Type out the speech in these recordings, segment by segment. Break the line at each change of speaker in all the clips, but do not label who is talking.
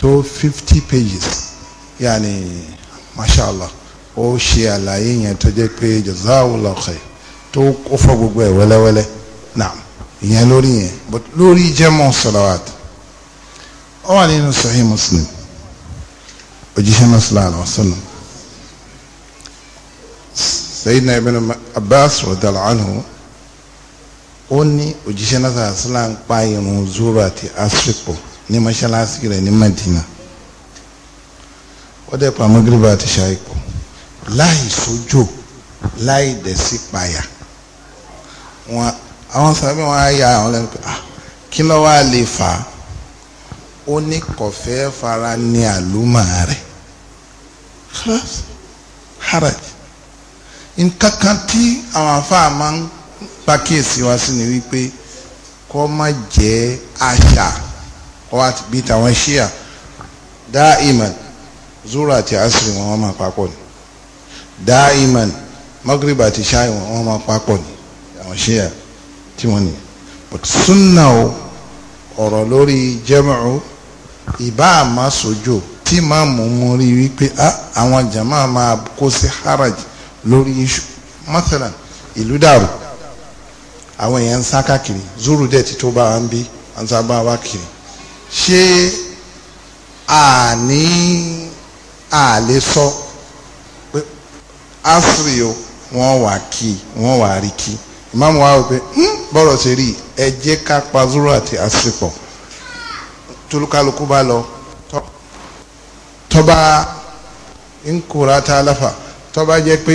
tó fifty pages yaani masha allah ó ṣe àlàyé yẹn tó jẹ́ pé jazawullah khair tó ó fọ gbogbo ẹ̀ wẹ́lẹ́wẹ́lẹ́ naam ìyẹn lórí yẹn but lórí jẹ́mọ̀ salawat ó wà nínú sahih muslim òjíṣẹ́ náà sallallahu alaihi wasallam sayidina ibn abbas radiyallahu anhu ó ní òjíṣẹ́ náà sallallahu ń pa irun zuru àti asripo ní mọ́ṣáláṣí rẹ̀ ní Madina ó dẹ̀ pa mọ́gìrìbà àti ṣàìpọ̀ láì sójò láì dẹ̀ sí payà wọn àwọn sábẹ́ wọn á ya àwọn lẹ́nu pé ah kí ló wá lè fà á ó ní kọ̀fẹ́ fara ní àlùmọ̀ rẹ̀ haraj nǹkan kan tí àwọn afáà máa ń pàkíyèsí wa sí ni wípé kọ́ má jẹ́ àṣà ọwọ́ àti bíi tàwọn ṣíà dáìmàn zúrà àti asiri wọn máa papọ̀ ni dáìmàn magreba àti ṣáì wọn máa papọ̀ ni àwọn ṣíà tí wọ́n ní but sunna o ọ̀rọ̀ lórí jẹ́mọ̀ọ́ ìbá àmà sojo tí máa mú mú rí wípé àwọn jama máa kó sí haraj lórí iṣu mathalan ìlú dàrú àwọn èèyàn ń sá káàkiri zuru dẹ̀ ti tó bá wa ń bí ń sá bá wa kiri ṣé àní àlè sọ pé asiri o wọ́n wà kí wọ́n wà rí kí ìmáàmù wa wò pé hmm, bọ́rọ̀ ṣe rí ẹ jẹ́ ká pa zúrò àti asiri pọ̀ bá lọ tọ́ba nkura tá a láfa tọ́ba jẹ́ pé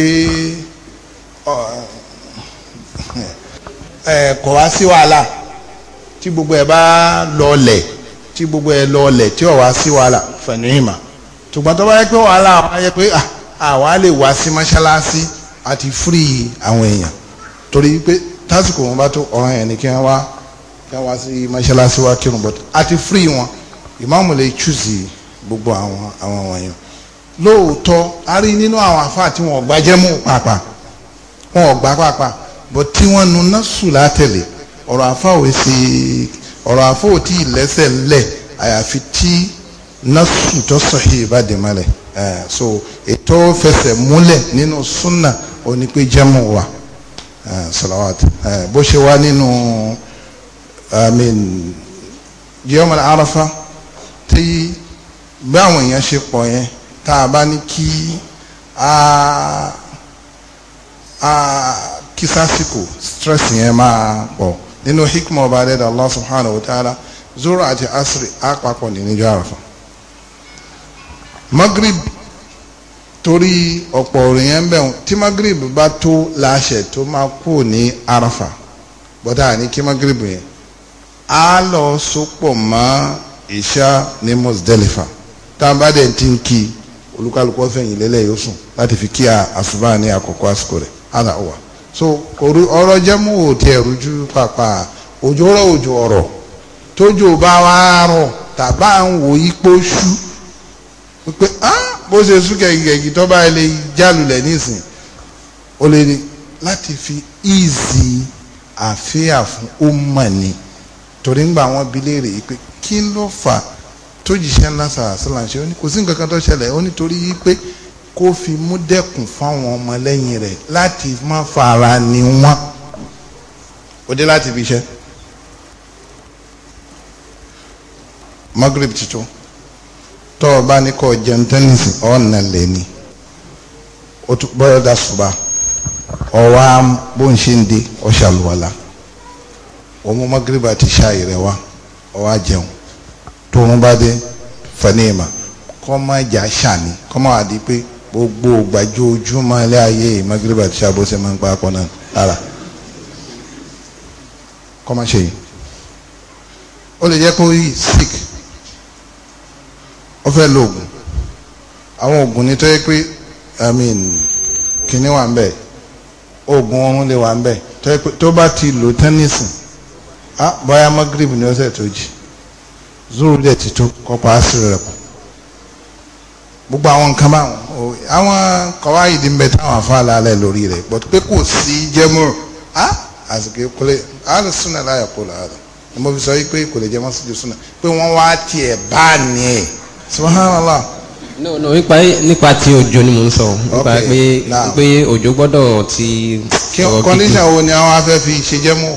ẹ kọ̀ wá sí wàhálà tí gbogbo ẹ bá lọ lẹ̀ tí gbogbo ẹ lọ ọlẹ̀ tí ọ̀wá sí wàhálà fẹ̀nú ìmà ṣùgbọ́n tó bá yẹ pé wàhálà àwọn ayẹ pé àwa ah, lè wá sí mọ́ṣáláṣí àti fúrí àwọn èèyàn torí pé tásìkò wọn bá tó ọ̀ràn yẹn ni kí wọ́n wá kí wọ́n wá sí mọ́ṣáláṣí wá kírun bọ́tù àti fúrí wọn ìmáàmù lè chúùsì gbogbo àwọn àwọn wọ̀nyẹn lóòótọ́ a rí nínú àwọn afáà tí wọ́n gbá jẹ́mú pàápàá wọ́n gbá pàápàá bọ́ tí wọ́n nu násù látẹ̀lé ọ̀rọ̀ afáà wẹ̀ sí ọ̀rọ̀ àfọwọ́tì lẹ́sẹ̀ ńlẹ̀ àyàfi tí násù tó sọ̀hí ìbàdí mọ́lẹ̀ so ètò fẹsẹ̀ múlẹ̀ nínú súnà òní pé jẹ́mu wà salawat bó ṣe wá nínú yọmọlẹ arafa tí bí àwọn èèyàn ṣe pọ̀ yẹn tá a bá ní kí a a kí sásìkò stress yẹn máa pọ̀. nínú hikma ọba adẹ́dà Allah subhanahu wa ta'ala zoro àti asiri àpapọ̀ ní níjọ́ àràfà magrib torí ọ̀pọ̀ òrìyàn ń tí magrib bá tó láṣẹ tó máa kú ní àràfà bọ́dà ní kí magrib yẹn á lọ sopọ̀ mọ́ ìṣá ní tá a bá dẹ̀ ti ń kí so ọ̀rọ̀ jẹ́mú ò tiẹ̀ rújú pàpà òjò rọ̀ òjò ọ̀rọ̀ tójò bá wá rọ̀ tàbá ń wò ipò ṣú pé bó ṣe sú kẹ̀kẹ̀kẹ̀ tó bá lè jálulẹ̀ nísìn o lè ní láti fi easy àfíà fún ó mọ̀ ni torí ń gba àwọn abilé rè é pé kí ló fà tó jìṣẹ́ ńlá sàrà kò sí nǹkan kan tó ṣẹlẹ̀ ó nítorí pé kó fi mú dẹ́kun fáwọn ọmọlẹ́yìn rẹ̀ láti má fara ni wọ́n ó dé láti fi ṣe magrib tuntun tó o bá ní kó o jẹun tẹ́nìsì ọ̀nà lè ní o tún gbọ́dọ̀ dá ṣùgbọ́n ọwọ́ bó ń ṣe ń de ọ̀ṣàlùwàlà ọmọ magrib àti ṣáà rẹ̀ wá ọwọ́ àjẹun tó ń bá dé fẹ́ni ìmọ̀ kọ́ máa jà ṣàní kọ́ máa wà di pé gbogbo gbàjọ ojúmọ́ ilé ayé magreba àti sàbó ṣe máa ń pa akọ náà rárá kọ́ máa ṣe yìí ó lè jẹ́ kó yí sick ó fẹ́ lo oògùn àwọn oògùn ní tó yẹ pé i mean kìíní wà ń bẹ̀ oògùn oorun lè wà ń bẹ̀ tó bá ti lò tẹ́nísì ah bóyá magreba ni ó ṣẹ̀ tó jì zuru dẹ̀ ti tó kọ́ pa á sí rẹ̀ kù gbogbo àwọn nǹkan báwọn àwọn kọ̀wá ìdí ń bẹ táwọn afáàlà alẹ́ lórí rẹ̀ but pé kò sí jẹ́mọ́ a àsìkò ìkọlẹ̀ àlọ́ súnà láyà kó la rẹ̀ ni mo fi sọ pé kò lè jẹ́mọ́ síjú súnà pé wọ́n wá tiẹ̀ bá ní ẹ̀ subhanallah. no no nípa nípa ti òjò ni mo ń sọ nípa pé pé òjò gbọ́dọ̀ ti. kí condition wo ni àwọn afẹ́ fi ṣe jẹ́mọ́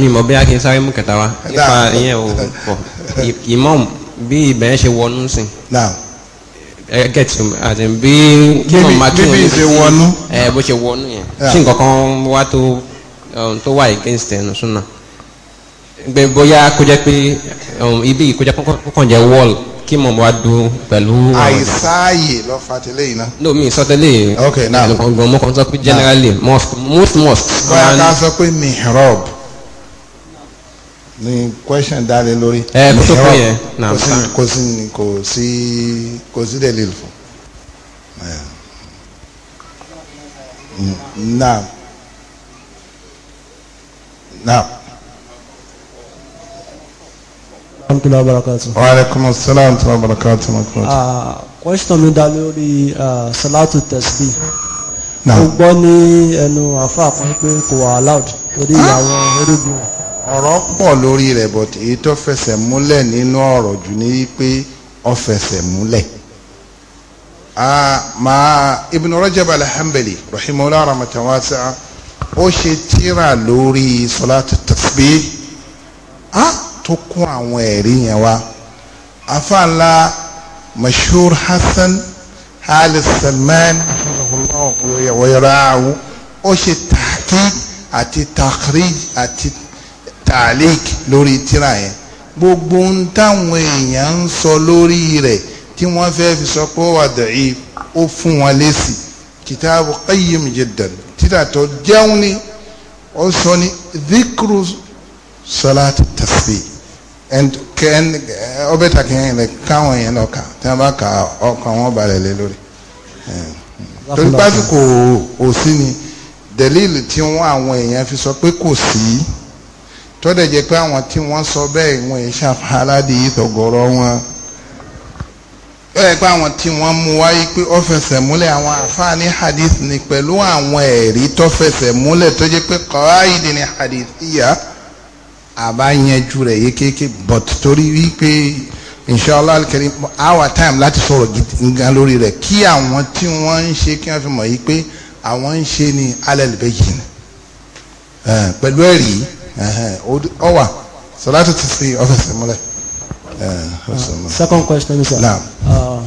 mi mọ bí a kì í sáré mú kẹta wa nípa ìyẹn o pọ ìmọ̀ọ́mù bí ibẹ̀ ṣe wọnú sí. now gẹ̀tì àti bí kílọ̀ máa tún yẹn ṣe wọnú. ẹ bó ṣe wọnú yẹn ṣé nǹkan kan wá tó um, tó wà against ẹnu súnà gbẹ bóyá kó jẹ́ pé um, ibi kó jẹ́ kọ́kàn jẹ́ wall kí mọ̀ wá dùn pẹ̀lú. àìsáàyè lọ fa tẹ́lẹ̀ yìí náà. no mi sọ tẹ́lẹ̀ ok now ẹnìkan gbọ̀n mo kàn sọ pé generally most most mosque. bóyá ká sọ pé mihrab ni question dalẹ lórí. ẹ kó tó kún yẹn naam sa kò sí kò sí kò sí dẹ̀ lílù fún. Eh. naam naam. alhamdulilayi barakatu. wa aleykum salaam wa barakatu. Ah, question mi dá lórí ah, salatu tasbih mo gbọ́ ní ẹnu àfa kan pé kò wà allowed orí ìyàwó orí bí wọn ọ̀rọ̀ pọ̀ lórí rẹ̀ but èyí tó fẹsẹ̀ múlẹ̀ nínú ọ̀rọ̀ jù ní pé ó fẹsẹ̀ múlẹ̀ máa Ibn Rajab al-Hanbali rahimahullah rahmatan wasi'a ó ṣe tírà lórí salatu tasbih á tó kún àwọn ẹ̀rí yẹn wá afáàlà mashhur Hassan Ali Salman rahimahullah wa yara'u ó ṣe tahqiq àti takhrij àti taalik lórí tíra yẹn gbogbo ń táwọn èèyàn ń sọ lórí rẹ̀ tí wọ́n fẹ́ fi sọ pé ó wà dọ̀yì ó fún wọn lésì kìtàbù qayyim jiddan tíra tó jẹun ni ó sọ ní dhikru salat tasbih ọbẹ̀ takìyàn rẹ̀ káwọn èèyàn lọ kà tí wọ́n bá ka ọkàn wọn balẹ̀ lé lórí torí pásítọ̀ kò sí ni dẹ̀líìlì tí wọ́n àwọn èèyàn fi sọ pé kò sí tọ́dẹ̀ jẹ́ pé àwọn tí wọ́n sọ bẹ́ẹ̀ ìwọ̀n ìṣàfà aládìyí tọ̀gọ̀rọ̀ wọn ó yẹ pé àwọn tí wọ́n mú wáyé pé ó fẹsẹ̀ múlẹ̀ àwọn àfáà ní hadith ni pẹ̀lú àwọn ẹ̀rí tó fẹsẹ̀ múlẹ̀ tó jẹ́ pé kọ́ráìdì ni hadith yíyá àbáyanjú rẹ̀ yékéyéké but torí wípé inshallah al-karim our time láti sọ̀rọ̀ gan lórí rẹ̀ kí àwọn tí wọ́n ń ṣe kí wọ́n fi mọ̀ yí pé àwọn ń ṣe ní alẹ́ lè bẹ́yìí pẹ̀lú ẹ̀rí. second question sir. naam. Uh,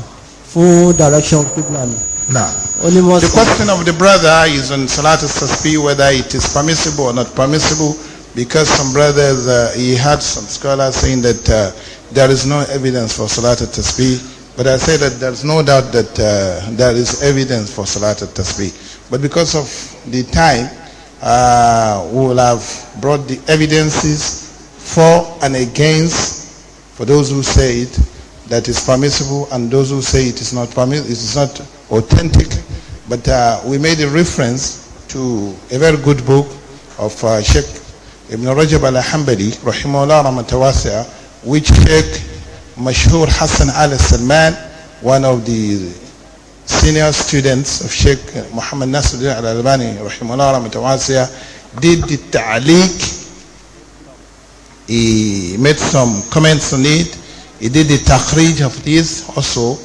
full direction qibla mi. naam. the question of the brother is on salatu tasbih whether it is permissible or not permissible because some brothers uh, he had some scholars saying that uh, there is no evidence for salatu tasbih. But I say that there's no doubt that uh, there is evidence for Salat al-Tasbih. But because of the time, uh, will have brought the evidences for and against for those who say it that is permissible and those who say it is not permissible, it is not authentic. But uh, we made a reference to a very good book of uh, Sheikh Ibn Rajab al-Hambali, rahimahullah ramatawasya, which Sheikh Mashhur Hassan al-Salman, one of the senior students of Sheikh Muhammad Nasruddin al-Albani rahimahullah rahmatawasiya did the ta'liq he made some comments on it he did the takhrij of this also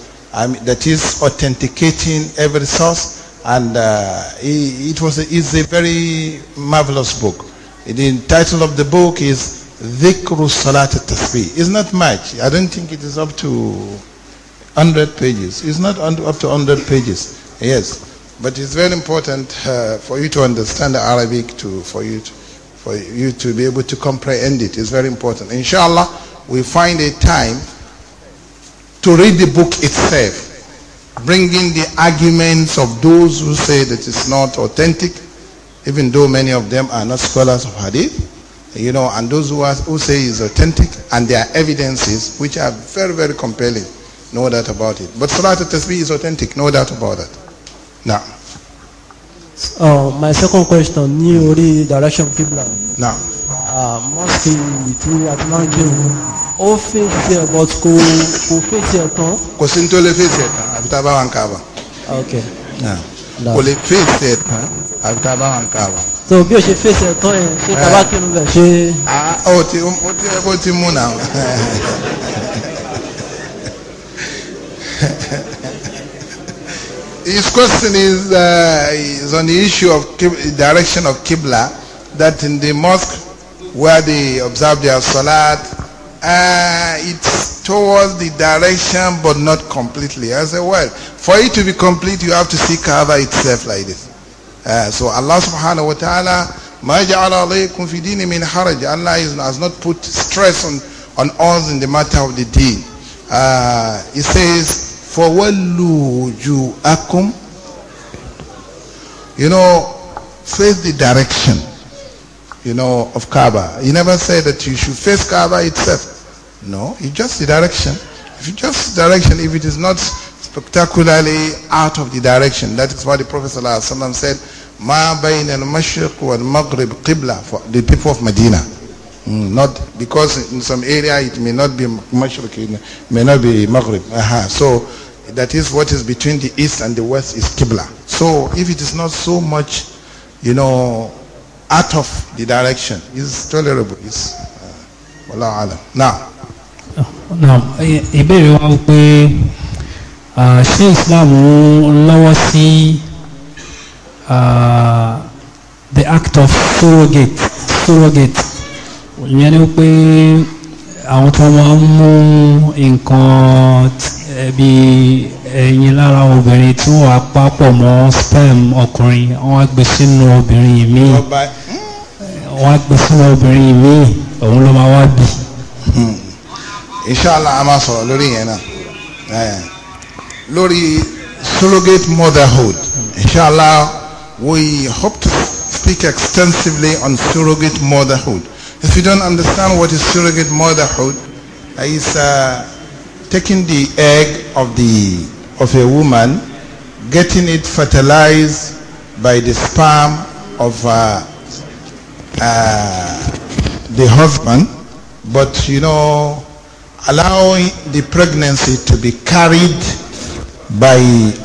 that is authenticating every source and uh, he, it was a, it's a very marvelous book the title of the book is Dhikru Salat al-Tasbih it's not much I don't think it is up to 100 pages. It's not up to 100 pages, yes. But it's very important uh, for you to understand the Arabic, to, for, you to, for you to be able to comprehend it. It's very important. Inshallah, we find a time to read the book itself bringing the arguments of those who say that it's not authentic, even though many of them are not scholars of hadith, you know, and those who, are, who say it's authentic, and their evidences, which are very, very compelling. No doubt about it. But Salat al-Tasbih is authentic. No doubt about that. Now. Uh, my second question, ní orí direction Qibla. Now. Uh, ah, mosque tí Atlanta ó fèsì ẹ̀ but kò kò fèsì ẹ̀ tán. Kò sí ní tó lè fèsì ẹ̀ tán àbí tá a bá wà ń kàbà. Ok. Kò lè fèsì ẹ̀ tán àbí tá a bá wà ń kàbà.
So bí o ṣe fèsì ẹ̀
tán yẹn ṣé tá a eh. bẹ̀ ṣe. Ah, ó ti ó ti ẹ ti mú náà. His question is, uh, is on the issue of direction of Qibla, that in the mosque where they observe their salat, uh, it's towards the direction but not completely. I said, well, for it to be complete, you have to see Kaaba itself like this. Uh, so Allah subhanahu wa ta'ala, مَا جَعَلَ alaykum فِي دِينِ مِنْ Allah is, has not put stress on, on us in the matter of the deen. Uh, he says, فَوَلُّوا akum. You know, face the direction, you know, of Kaaba. He never said that you should face Kaaba itself. No, it's just the direction. If you just direction, if it is not spectacularly out of the direction, that is why the Prophet ﷺ said, al بَيْنَ الْمَشْرِقِ maghrib qibla" For the people of Medina. Mm, not because in some area it may not be Mashriq, may not be Maghrib. So that is what is between the east and the west is Qibla. So if it is not so much, you know, out of the direction, it's tolerable. It's uh, alam. Now. Now, ìbéèrè wa wípé ṣé Islam lọ́wọ́ sí the act of surrogate surrogate ìyẹn ni wípé àwọn tó máa ń mú nǹkan ẹbí ẹyin lára obìnrin tí wọ́n á papọ̀ mọ́ sperm ọkùnrin wọ́n á gbé sínú obìnrin míì wọ́n á gbé sínú obìnrin míì òun ló máa wá bì. Hmm. inshallah a máa sọ̀rọ̀ lórí yẹn náà eh. lórí surrogate motherhood inshallah we hope to speak extensively on surrogate motherhood if you don't understand what is surrogate motherhood it's uh, taking the egg of the of a woman, getting it fertilized by the sperm of uh, uh, the husband, but you know, allowing the pregnancy to be carried by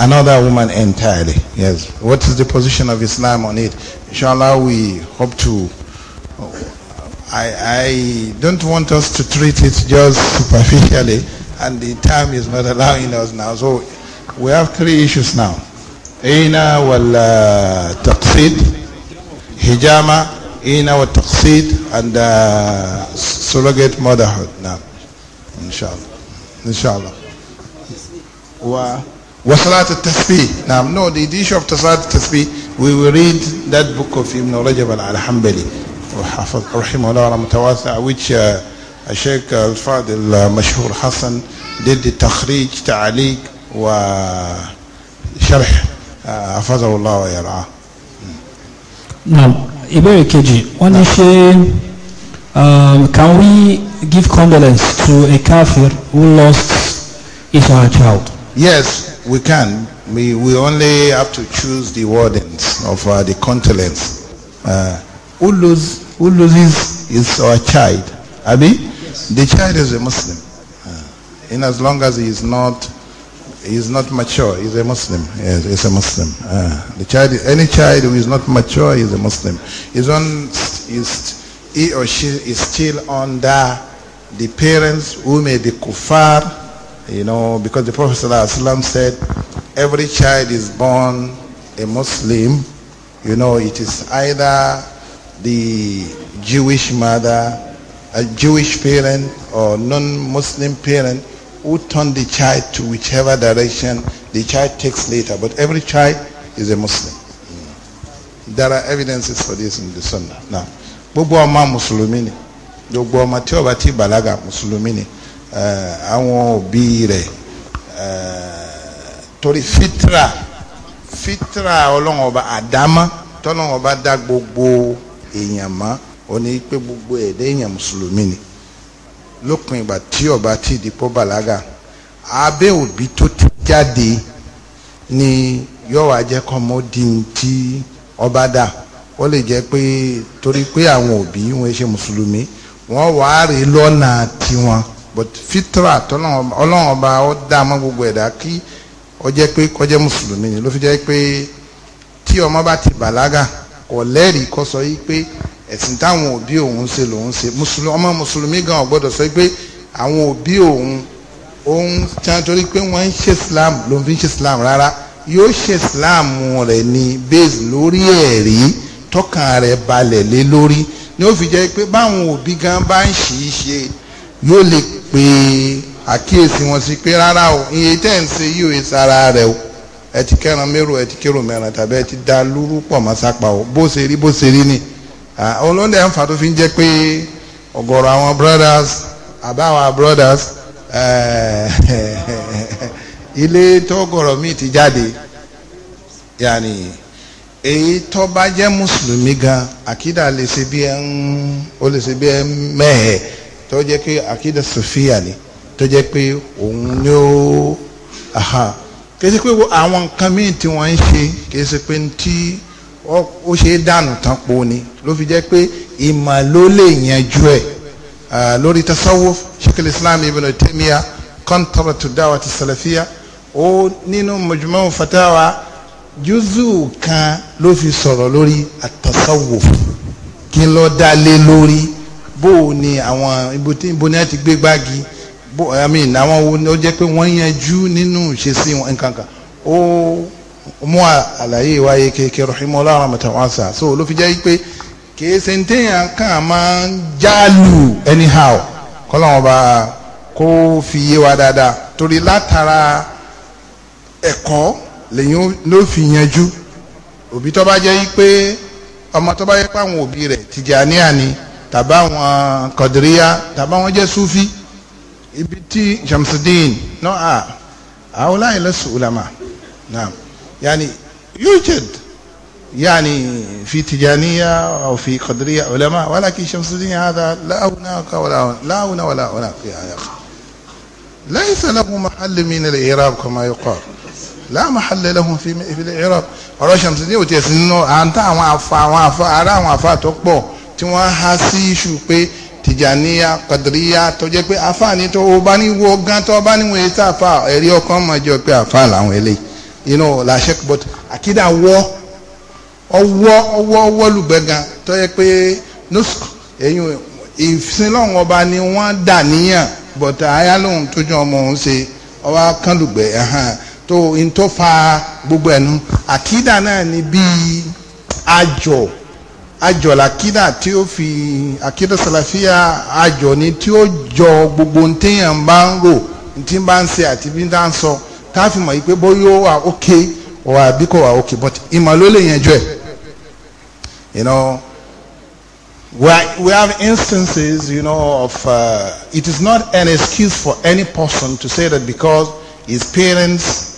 another woman entirely. Yes. What is the position of Islam on it? Inshallah, we hope to. I, I don't want us to treat it just superficially and the time is not allowing us now. So we have three issues now. Ina wal uh, taqsid, hijama, ina wal taqsid, and uh, surrogate motherhood now. Inshallah. Inshallah. Wa وصلاة tasbih Now, no the, the issue of صلاة التسبيح we will read that book of Ibn Rajab al-Hanbali which uh, الشيخ الفاضل المشهور حسن ضد تخريج تعليق وشرح حفظه الله ويرعاه نعم ìbéèrè kejì wọ́n ní can we give condolence to a kafir who lost his or child. yes we can we we only have to choose the wordings of uh, the condolence uh, who lose who loses is our child abi. The child is a Muslim. In as long as he is not is not mature, he's a Muslim. Yes, he's a Muslim. Uh, the child, any child who is not mature is a Muslim. He's on, he or she is still under the parents who made the kuffar, you know, because the Prophet ﷺ said, every child is born a Muslim. You know, it is either the Jewish mother a Jewish parent or non-Muslim parent who turn the child to whichever direction the child takes later. But every child is a Muslim. Mm. There are evidences for this in the Sunnah. Now, gbogbo ọmọ mùsùlùmí ni gbogbo ọmọ tí ó bá ti o ti mùsùlùmí ni eh, àwọn òbí rẹ̀ eh, torí fitra fitra ọlọ́run ọba àdámọ́ tọ́lọ́run ọba dá gbogbo èèyàn mọ́. ó ní pé gbogbo ẹ̀dẹ́ èèyàn mùsùlùmí ni lópin ìgbà tí ọba tí ìdìpọ̀ bàlágà abẹ́ òbí tó ti jáde ni yọ̀wá jẹ́ kọ́ mọ́ di ti ọba dà ó lè jẹ́ pé torí pé àwọn òbí wọn ṣe mùsùlùmí wọ́n wàá rí lọ́nà tiwọn but fitra ọlọ́run ọba ó dá mọ́ gbogbo ẹ̀dá kí ó jẹ́ pé kó jẹ́ mùsùlùmí ni ló fi jẹ́ pé tí ọmọ bá ti bàlágà kò lẹ́rìí kó sọ yí pé ẹ̀sìn táwọn òbí òun ṣe lòun ṣe ọmọ mùsùlùmí gan ò gbọ́dọ̀ sọ pé àwọn òbí òun òun tí wọ́n torí pé wọ́n ń ṣe islam ló fi ń ṣe islam rárá yóò ṣe islam rẹ̀ ní base lórí ẹ̀rí tọ́kàn rẹ̀ balẹ̀ lé lórí ni ó fi jẹ́ pé báwọn òbí gan bá ń ṣì í ṣe yóò lè pe àkíyèsí wọn sí pé rárá o iye tẹ́ ń ṣe yóò sara rẹ̀ o ẹ ti kẹ́ran mérò ẹ ti kérò mẹ́ran tàbí ẹ ti da lúrú pọ̀ mọ́ o bó ṣe rí bó ṣe rí ni. Ah, òun ló ń dẹ̀ ń fa tó fi ń jẹ́ pé ọ̀gọ̀rọ̀ àwọn brothers àbáwọn brothers eh, ilé tọ́gọ̀rọ̀ míì ti jáde yàní èyí tó bá jẹ́ mùsùlùmí gan àkídà lè ṣe bí ẹ ń ó lè ṣe bí ẹ ń tó jẹ́ pé àkídà sòfíà ni tó jẹ́ pé òun ni ó kì í ṣe pé àwọn nǹkan míì tí wọ́n ń ṣe kì í ṣe pé ń tí ó ṣe é dànù tán po ni ló fi jẹ́ pé ìmọ̀ ló lè yanjú ẹ̀ lórí tasawuf sheikh islam ibn taymiya kọ́ńtàràtù dáwàtì sàlàfíà ó nínú mujmu' fatawa júzù kan ló fi sọ̀rọ̀ lórí àtasawuf kí ló dá lé lórí bó o ní àwọn ibo ní a ti gbé gbági bó i mean àwọn ó jẹ́ pé wọ́n yanjú nínú ìṣesí nǹkan kan ó mú àlàyé wáyé kéèké rahimu ọlọ́run mọ̀tàwọ́sà so ló fi jẹ́ pé kìí ṣe téèyàn kàn máa ń jálù anyhow kọ́lọ́wọ́n bá kó fi yé wa dáadáa torí látara ẹ̀kọ́ lèyìn ló fi yanjú òbí tó bá jẹ́ pé ọmọ tó bá yẹ pé àwọn òbí rẹ̀ tìjàníà ni tàbá àwọn kọ̀dìríyà tàbá àwọn jẹ́ sufi ibi tí Shamsuddin náà àwọn láyé lọ́sùn ulama náà. يعني يوجد يعني في تجانية أو في قدرية علماء ولكن شمس الدين هذا لا هناك ولا هناك لا هنا ولا هناك يعني ليس له محل من الإعراب كما يقال لا محل له في في الإعراب ọ̀rọ̀ ṣàmùsùnì ò tiẹ̀ sí nínú à ń tà àwọn afa àwọn afa ara àwọn afa tó pọ̀ tí wọ́n há sí iṣu pé tìjàníya kọ̀dìríya tó jẹ́ pé afa ni tó o bá ní wo gan tó o bá ní wo èyí tá a fa ẹ̀rí ọkàn mọ̀ jọ pé afa làwọn eléyìí you know la sheik but akida wọ ọwọ́ ọwọ́ ọwọ́ lùgbẹ́gan tó yẹ pé nusk ẹ̀yìn ìsinlọ́hún ọba ni wọ́n dà níyàn but aya lòun tójú ọmọ òun ṣe ọba kan lùgbẹ́ tó n tó fa gbogbo ẹ̀nu akida náà ni bíi àjọ àjọ làkídà tí ó fi akida sàlàfíà àjọ ni tí ó jọ gbogbo ntẹ́yàn bá ń rò ntí bá ń ṣe àti bí ń dá ń sọ. So ká fi mọ̀ yìí pé bóyá ó wà ókè or àbí kò wà okay." but ìmọ̀ ló yẹn ẹ̀ you know we, we have instances you know of uh, it is not an excuse for any person to say that because his parents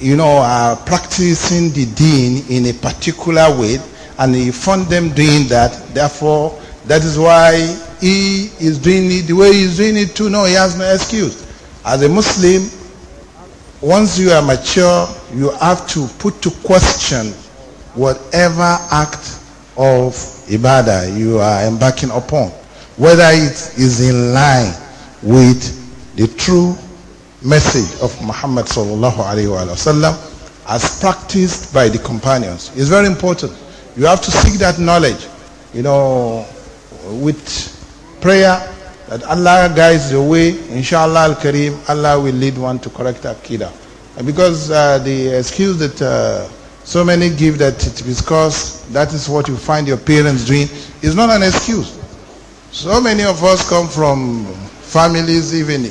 you know are practicing the deen in a particular way and he found them doing that therefore that is why he is doing it the way he is doing it too no he has no excuse as a muslim once you are mature, you have to put to question whatever act of ibadah you are embarking upon, whether it is in line with the true message of Muhammad sallallahu wa sallam as practiced by the companions. It's very important. You have to seek that knowledge. You know, with prayer, that Allah guides the way, inshallah al Kareem, Allah will lead one to correct Aqidah. Because uh, the excuse that uh, so many give that it is because that is what you find your parents doing is not an excuse. So many of us come from families, even,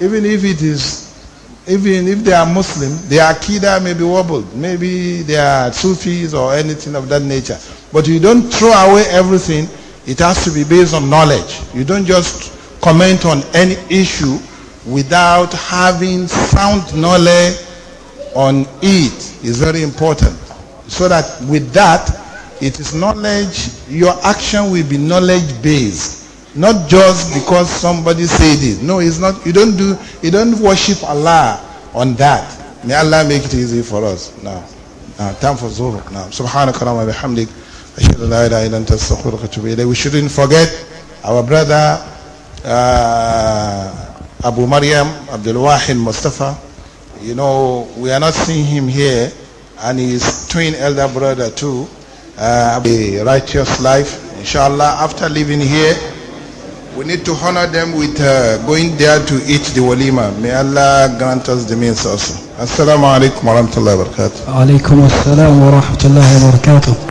even if it is even if they are Muslim, their Akida may be wobbled. Maybe they are Sufis or anything of that nature. But you don't throw away everything. It has to be based on knowledge. You don't just comment on any issue without having sound knowledge on it is very important. So that with that, it is knowledge, your action will be knowledge based. Not just because somebody said it. No, it's not, you don't do, you don't worship Allah on that. May Allah make it easy for us. Now, now time for Zuhur. Now, subhanakallah wa bihamdik. We shouldn't forget our brother uh, Abu Mariam, Abdul Wahid Mustafa. You know, we are not seeing him here, and his twin elder brother too. Uh, a righteous life, inshallah. After leaving here, we need to honor them with uh, going there to eat the walima. May Allah grant us the means also. Assalamu alaikum wa Alaikum assalam